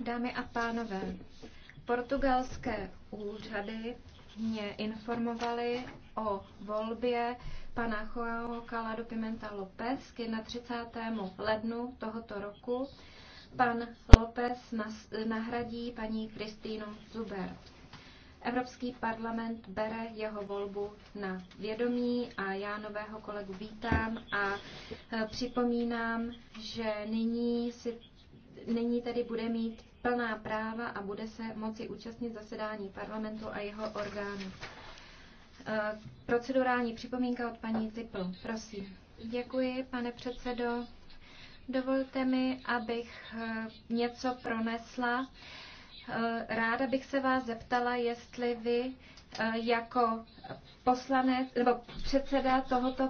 Dámy a pánové, portugalské úřady mě informovali o volbě pana Joao Calado Pimenta López k 31. lednu tohoto roku. Pan López nahradí paní Kristýnu Zubert. Evropský parlament bere jeho volbu na vědomí a já nového kolegu vítám a e, připomínám, že nyní, si, nyní tedy bude mít plná práva a bude se moci účastnit zasedání parlamentu a jeho orgánů. E, procedurální připomínka od paní Zipl. Prosím. Děkuji, pane předsedo. Dovolte mi, abych e, něco pronesla Eh, ráda bych se vás zeptala, jestli vy eh, jako poslanec nebo předseda tohoto